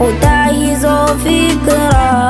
uta hizo fikra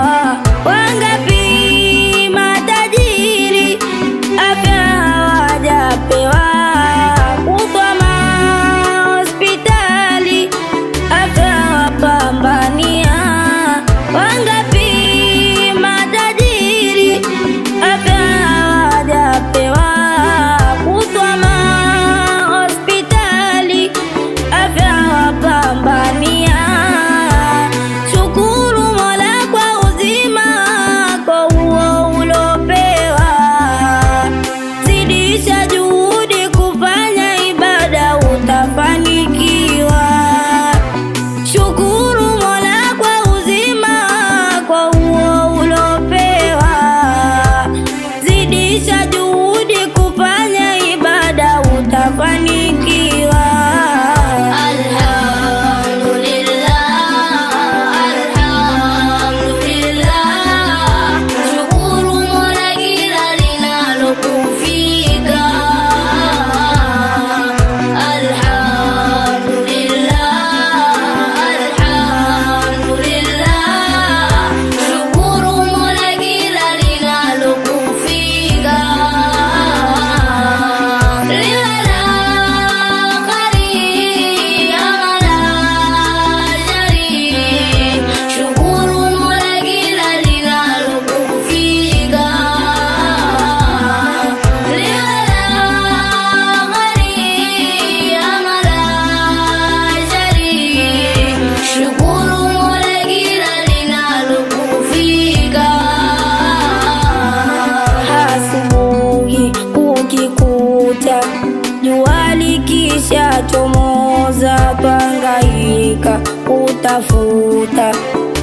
anatafuta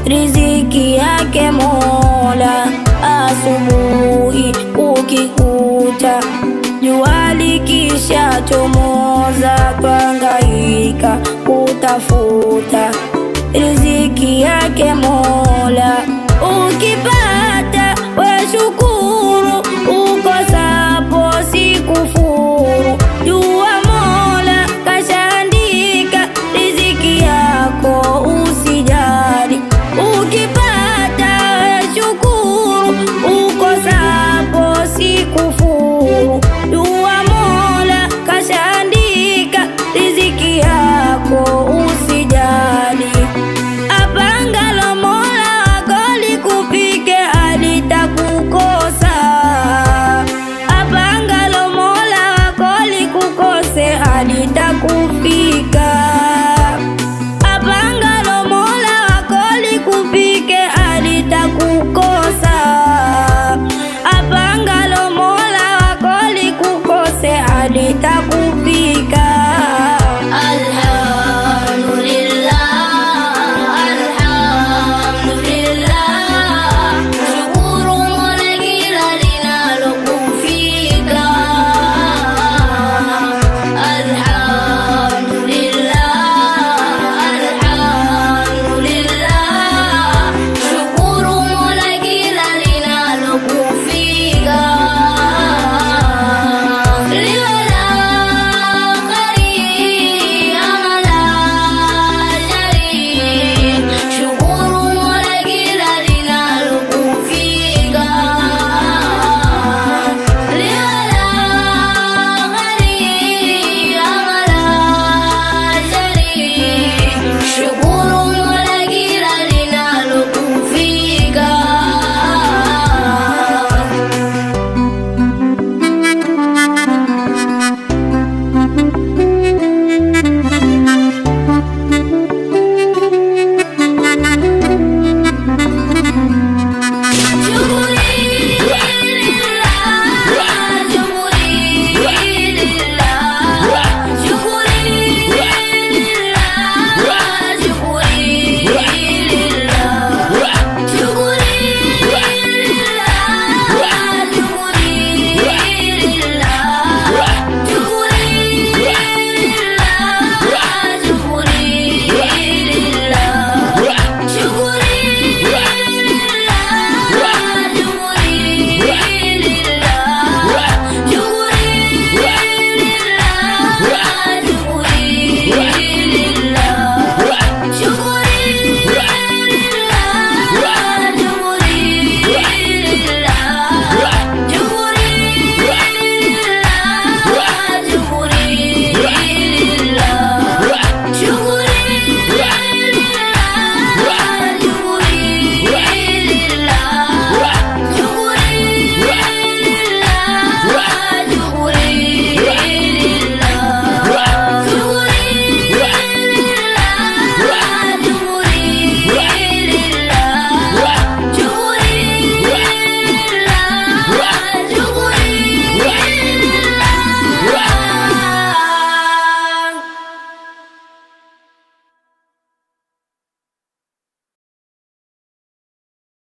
riziki yake Mola. Asubuhi ukikuta jua likishachomoza, twangaika kutafuta